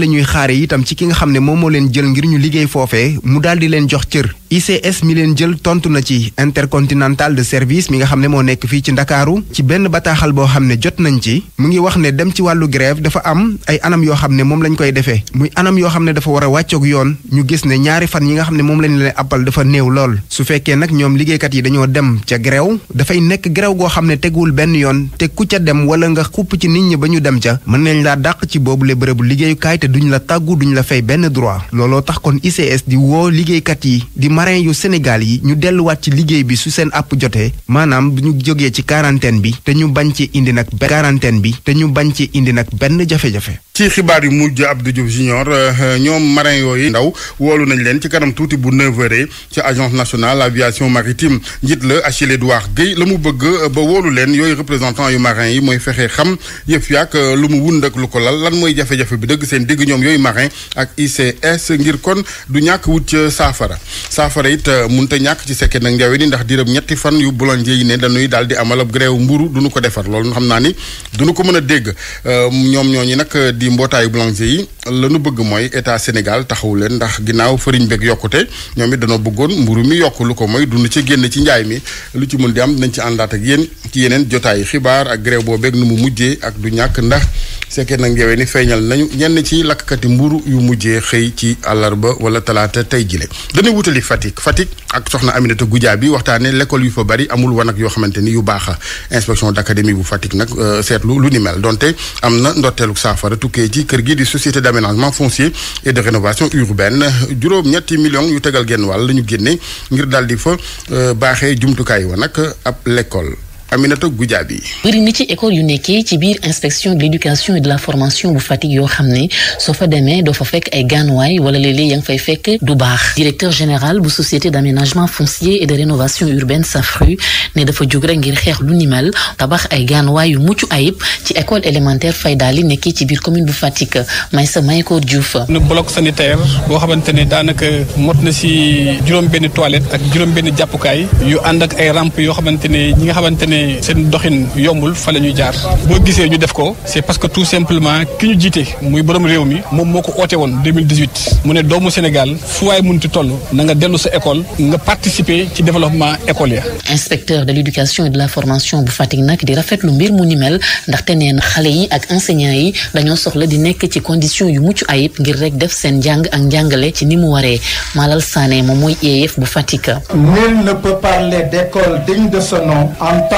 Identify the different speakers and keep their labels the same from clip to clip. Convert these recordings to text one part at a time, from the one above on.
Speaker 1: la ñuy xaare itam ci ki nga xam ne moom moo leen jël ngir ñu liggéey foofee mu daal di leen jox cër ICS mi leen jël tontu na ci intercontinental de service bi nga xam ne moo nekk fii ci ndakaaru ci benn bataaxal boo xam ne jot nañ ci mu ngi wax ne dem ci wàllu grève dafa am ay anam yoo xam ne moom lañ koy defee muy anam yoo xam ne dafa war a wàccoog yoon ñu gis ne ñaari fan yi nga xam ne moom lañ leen appal dafa néew lool su fekkee nag ñoom liggéeykat yi dañoo dem ca grève dafay nekk grève goo xam ne teguwul benn yoon te ku ca dem wala nga xupp ci nit ñi ba ñu dem ca mën nañ laa dàq ci boobule bërëbu liggéeyukaay te la tàggu duñ la fay benn droit looloo tax kon di woo liggéeykat yi marin yu Sénégal yi ñu delluwaat ci liggéey bi su seen àpp jotee maanaam bu ñu jógee ci quarantaine bi te ñu bañ ci indi nag quarantaine bi te ñu bañ ci indi nag benn jafe-jafe
Speaker 2: ci xibaar yu mujj Abdou Diouf junior euh, ñoom marin yooyu ndaw woolu nañ leen ci kanam tuuti bu 9h ci agence nationale aviation maritime njiit la Achille waax Guèye la mu bëgg euh, ba woolu leen yooyu représentant yu marin yi mooy fexe xam yëf yaak euh, lu mu wund ak lu ko lal lan mooy jafe-jafe bi dëgg seen digg ñoom yooyu marin ak ICS ngir kon du ñàkk wut ca saafara saafara it te ñàkk ci sekke nag njawe ni ndax di diiram ñetti fan yu boulanger yi ne dañuy daal di amal ab grève mburu duñu ko defar loolu xam naa ni duñu ko mën a dégg ñoom ñooñu nag di mbootaayu boulanger yi lanu bëgg mooy état Sénégal taxawu leen ndax ginnaaw fariñ beeg yokkute ñoom it danoo bëggoon mburu mi yokk lu ko mooy dund ci génn ci njaay mi lu ci mën di am nañ ci àndaat ak yéen ci yeneen jotaay xibaar ak grève boobeeg nu mu mujjee ak du ñàkk ndax sekkee nag ngewee ni feeñal nañu ñenn ci lakkati mburu yu mujjee xëy ci àllarba wala talaata tey jile dañuy wutali Fatick Fatick ak soxna Aminata Goudia bi waxtaane l'école yu fa bari amul wanag yoo xamante ni yu baax a inspection d'académie bu Fatick euh, na ndorteelu saafara ci kër gi di société d'aménagement foncier et de rénovation urbaine juróom-ñetti million yu tegal genn wàll la ñu génne ngir daal di fa euh, baaxee jumtukaay wa nag ab l'école Aminata Goudiaby.
Speaker 3: bëri na ci école yu nekkee ci biir inspection de l' éducation et de la formation bu Fatick yoo xam ne soo fa demee doo fa fekk ay gaanuwaay wala léeg-léeg yaa ngi fay fekk du baax. directeur général bu société d' aménagement foncier et de rénovation urbaine SAFRU ne dafa jóg rek ngir xeex lu ni mel tabax ay gaanuwaay yu mucc ayib ci école élémentaire Fayda li nekkee ci biir commune bu Fatick Maysa Maykor
Speaker 2: Diouf. nu bloc sanitaire boo xamante ne daanaka mot na si juróom-benn toilette ak juróom-benn jàppukaay yu ànd ne seen doxin yombul fa la ñuy jaar boo gisee ñu def ko c'est parce que tout simplement ki ñu jiite muy borom réew mi moom moo ko oote woon mu ne doomu Sénégal fu waay munti toll na dellu sa école nga participer ci développement école ya
Speaker 3: inspecteur de l'éducation de la formation bu Fatick nag di rafetlu mbir mu ni mel ndaxte nee na xale yi ak enseignants yi dañoo soxla di nekk ci condition yu mucc ayib ngir rek def seen njàng ak njàngale ci ni mu waree Malal Sané moom mooy IEF bu Fatick.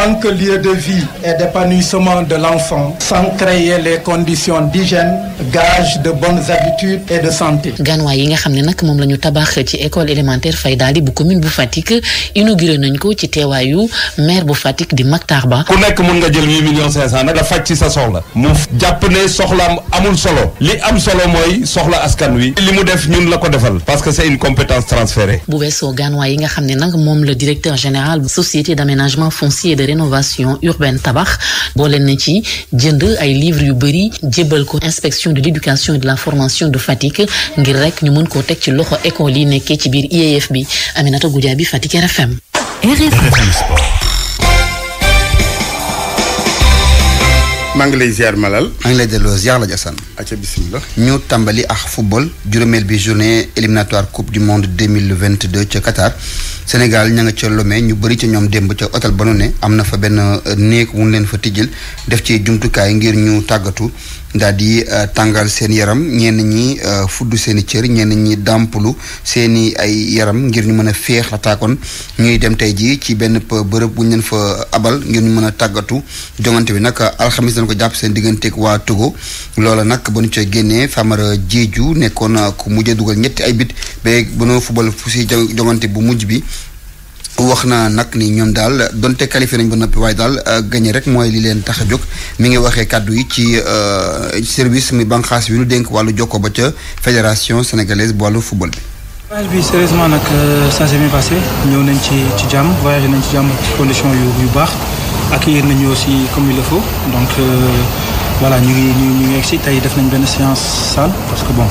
Speaker 4: tant que lieu de vie et d'épanouissement de l'enfant, sans créer les conditions d'hygiène, gage de bonnes
Speaker 3: habitudes et de santé. ganwaay yi nga xam ne nag moom la ñu tabax ci école élémentaire Faydaly bu commune bu Fatick inauguré nañ ko ci bu Fatick di Maktar Ba.
Speaker 5: ku nekk nga jël huit millions cinq sa soxla. mu jàpp solo. li am solo mooy soxla askan wi. li mu def ñun la ko defal. parce que c'est une compétence transférée.
Speaker 3: bu weesoo ganwaay yi nga xam ne nag moom la directeur général bu société d'aménagement foncier de rénovation urbaine tabax boo boole na ci jënd ay livres yu bëri jébbal ko inspection de l'éducation et de la formation de Fatick ngir rek ñu mën koo teg ci loxo école yi nekkee ci biir IEF bi Aminata Goudiaby Fatick RFM. RFM Sport.
Speaker 2: maa ngi lay ziar Malal. maa ngi lay delloo ziar la Jassane. ñu tàmbali
Speaker 1: ak football juróomeel bi journée éliminatoire coupe du monde deux mille vingt deux ca Qatar Sénégal ña nga ca Lomé ñu bari ca ñoom démb ca hôtel ba ne am na fa benn euh, néeg wu leen fa tijjil def ci jumtukaay ngir ñu tàggatu daal di euh, tàngal seen yaram ñenn ñi euh, fudd seen i cër ñenn ñi dàmpalu seen i ay yaram ngir ñu mën a féex lataakoon ñuy dem tey jii ci benn bërëb bu ñu leen fa abal ngir ñu mën a tàggatu jongante bi nag alxamis ko jàpp seen digganteeg waa Togo loola nag ba ñu ca génnee Famara Diédhiou nekkoon ku mujj a dugal ñetti ay bit ba ba noo football fu si jongante bu mujj bi. wax na nag ni ñoom daal donte qualifié nañ ba noppi waaye daal euh, gagné rek mooy li leen tax a jóg mi ngi waxee kàddu yi ci euh, service mi banqaas bi ñu dénk wàllu jokko ba ca fédération sénégalaise bu wàllu football
Speaker 6: bi. sérieusement nag euh, ça s'est bien ñëw nañ ci jàmm voyagé nañ ci jàmm condition accueillir nañu aussi comme il le fo donc euh, voilà ñu ngi ñu ñu ngi egg si tey def nañ benn séance salle parce que bon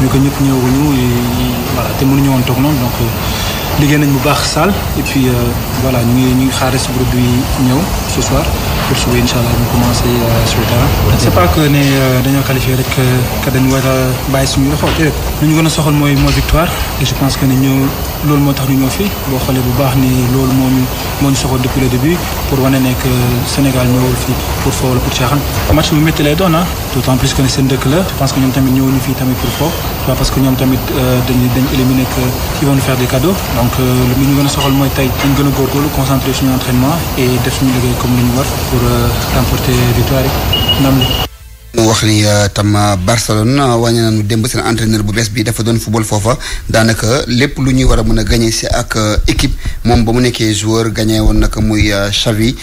Speaker 6: ñu ko ñëpp ñëwuñu voilà te mënuñu ñëwoon toog noonu donc euh, liggéey nañ bu baax salle et puis euh, voilà ñu ngi ñu ngi xaar si bi ñëw ce soir pour suba incha allah ñu commencé sur le c'est pas que ne dañoo qualifié rek que dañu war a bàyyi suñu loxo déedéet. li ñu gën a soxal mooy mooy victoire et je pense que ne ñoo. loolu moo tax ñu ñëw fii boo xolee bu baax ni loolu moo ñu moo ñu soxal depuis pour wane nekk Sénégal ñëwul fii pour foo wala pour caaxaan. match bu métti lay doon ah plus que ne seen dëkk la je pense que ñoom tamit ñu fii tamit pour foo waaw parce que ñoom tamit euh, dañuy dañ éliminer que ils vont nous faire des cadeaux donc euh, li ñu gën a soxal mooy tey dañ gën a góorgóorlu concentré suñu entraînement et def suñu liggéey comme li ñu war pour euh, remporter victoire yi ndam li
Speaker 1: mu wax ni euh, tam euh, Barcelone euh, wàññi nañu démb seen entraîneur bu bees bi dafa doon football foofa daanaka lépp lu ñuy war a mën a gagné si ak équipe moom ba mu nekkee joueur gañee woon nag muy Xavi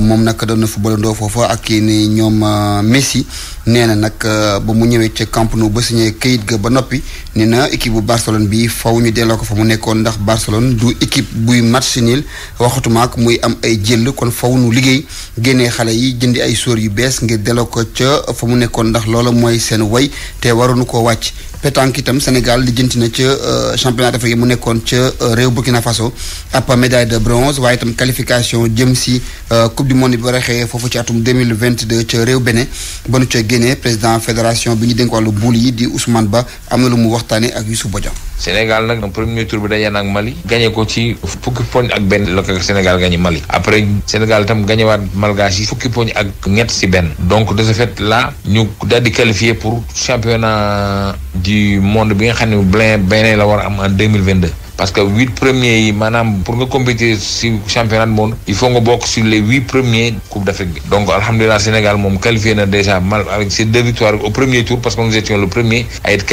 Speaker 1: moom nag doon na football ndoo foofa ak kii ni ñoom Messi nee na nag ba mu ñëwee ca Camp Nou ba signé kayit ga ba noppi nee na équipe bu Barcelone bi faw ñu delloo ko fa mu nekkoon ndax Barcelone du équipe buy match nil waxatuma muy am ay jël kon faw nu liggéey génnee xale yu bees mu nekkoon ndax loola mooy seen woy te waroonu koo wàcc pétanque itam Sénégal lijjanti na ca euh, championnat d'Afrique mu nekkoon ca euh, réew Burkina Faso ab médaille de bronze waaye itam qualification jëm si euh, coupe du monde bi war a foofu ci atum 2022 ca réew Bénin ba nu ca génnee président fédération bi ñu dénk lu buul yi di Ousmane Ba am na lu mu waxtaane ak Youssouf Bodian
Speaker 5: Sénégal nag premier tour bi daje nag Mali gagné ko ci fukki poñ ak benn la ko Sénégal gagné Mali après Sénégal itam gagné waat Malgache yi fukki poñ ak ñett si benn donc de ce fait ñu daal di qualifié pour championnat du monde bi nga xam ne Blin beneen la war a am mille vingt parce que huit premiers yi maanaam pour nga compétir si championnat du monde il faut nga bokk sur les huit premiers coupe d' Afrique bi donc alhamdulilah Sénégal moom qualifié na déjà mal avec ses deux victoires au premier tour parce que nous étions le premier à être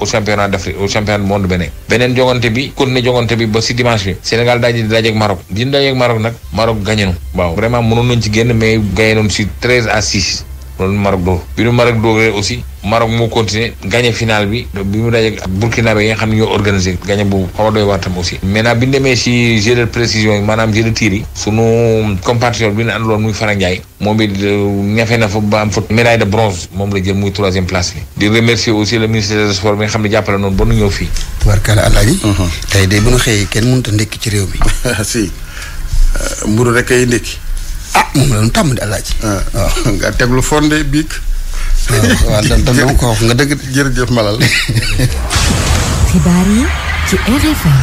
Speaker 5: au championnat d' au championnat du monde beneen beneen jongante bi kon ne jongante bi ba si dimanche bi Sénégal daal di dajeeg Maroc di dajeeg Maroc nag Maroc gagné nu waaw vraiment mënoon nañ ci génn mais gagné noonu si treize à six. loolu Maroc doo bi nu Maroc doogee aussi Maroc moo continuer gagné final bi bi mu dajee ak Burkinabé xam ne ñoo organisé gagné boobu xaw a doy waar aussi maintenant de précision yi maanaam jeu bi ne ànd muy Fara moom it euh, ñafe na fa ba am fa de bronze moom la jël muy troisième place bi di remercier aussi le ministère des sports bi nga xam ne jàppale noonu ba nu ñëw fii
Speaker 1: tubarkalla mhm. de bu ñu xëyee kenn mënut a ci réew
Speaker 2: mi
Speaker 5: euh, mburu rek
Speaker 2: ah moom la ñu tàmm di alaaji. Ah, ah, ah, waaw nga teg lu fondé biik. waaw waaw ko wax nga dëgg jërëjëf Malal.
Speaker 1: xibaar yi ci RFM.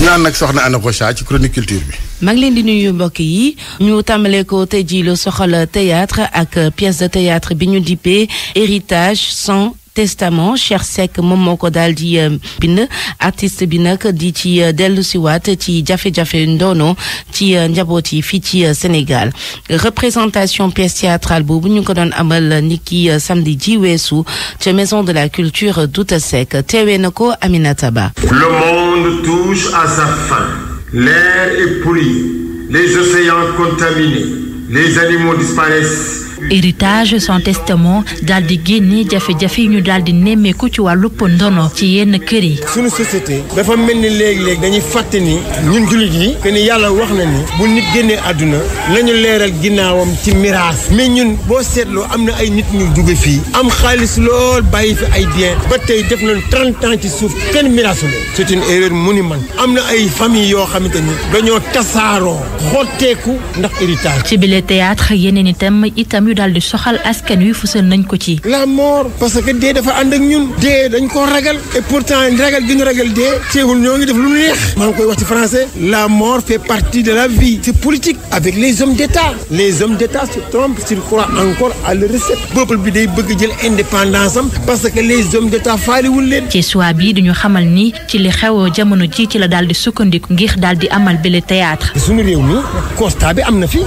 Speaker 2: ñu ànd ak soxna Anna Rocha ci chronique culture bi.
Speaker 3: maa leen di nuyu mbokk yi ñu tàmbalee ko te jii lu soxal théâtre ak pièce de théâtre bi ñu dippee héritage sans. testament Cheikh Seck moom moo ko daal di euh, bind artiste bi nag di ci euh, dellu ci jafe-jafe ndono ci euh, njaboot yi fii ci Sénégal représentation pièce théâtrale boobu ñu ko doon amal niki samedi ji weesu ca maison de la culture Douta Seck tewe na ko Aminata Le
Speaker 4: monde touche à sa fin. L'air est pourri, les océans contaminés, les animaux disparaissent.
Speaker 3: héritage son testament daal di génne jafe-jafe yi ñu daal di nemmeeku ci wàllu po ndono ci yenn kër yi.
Speaker 4: suñu société dafa mel ni léegi-léegi dañuy fàtte ni ñun jullit yi que yàlla wax na ni bu nit génnee àdduna nañu leeral ginnaawam ci miraas mais ñun boo seetloo am na ay nit ñu juge fii am xaalis lool bàyyi fi ay bien ba tey def nañu trente ans ci suuf kenn miraasu leen c'est une erreur monumentale am na ay famille yoo xamante ni dañoo tasaaroo xotteeku ndax héritage.
Speaker 3: yu daal di soxal askan wi fusal nañ ko ci. la mort parce que dee dafa
Speaker 4: ànd ak ñun. dee dañ koo ragal et pourtant ragal gi ñu ragal dee. teewul ñoo ngi def lu neex. maa ngi koy wax ci français. la mort fait partie de la vie. c'est politique avec les hommes d'État. les hommes d'État se trompent s'ils croient encore à leur recette. peuple bi day bëgg jël indépendance am parce que
Speaker 3: les hommes d'État faaliwul leen. ci soir di duñu xamal ni ci li xew jamono ji ci la dal di sukkandiku ngir daal di am
Speaker 4: na fi.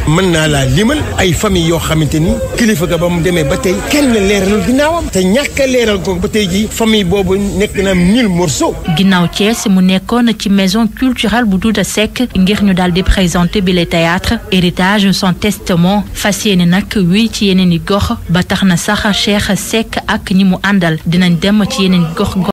Speaker 4: ni kilifa ga ba mu demee ba tey kenn leeralul ginnaawam te ñàkk a leeral ko
Speaker 3: ba tey ji famille boobu nekk na mille morceaux. ginnaaw Thiès mu nekkoon ci maison culturelle bu Duda Seck ngir ñu daal di présenter bi le théâtre héritage son testament fas yéene nag wii ci yeneen i gox ba tax na sax Cheikh Seck ak ñi mu àndal dinañ dem ci yeneen gox.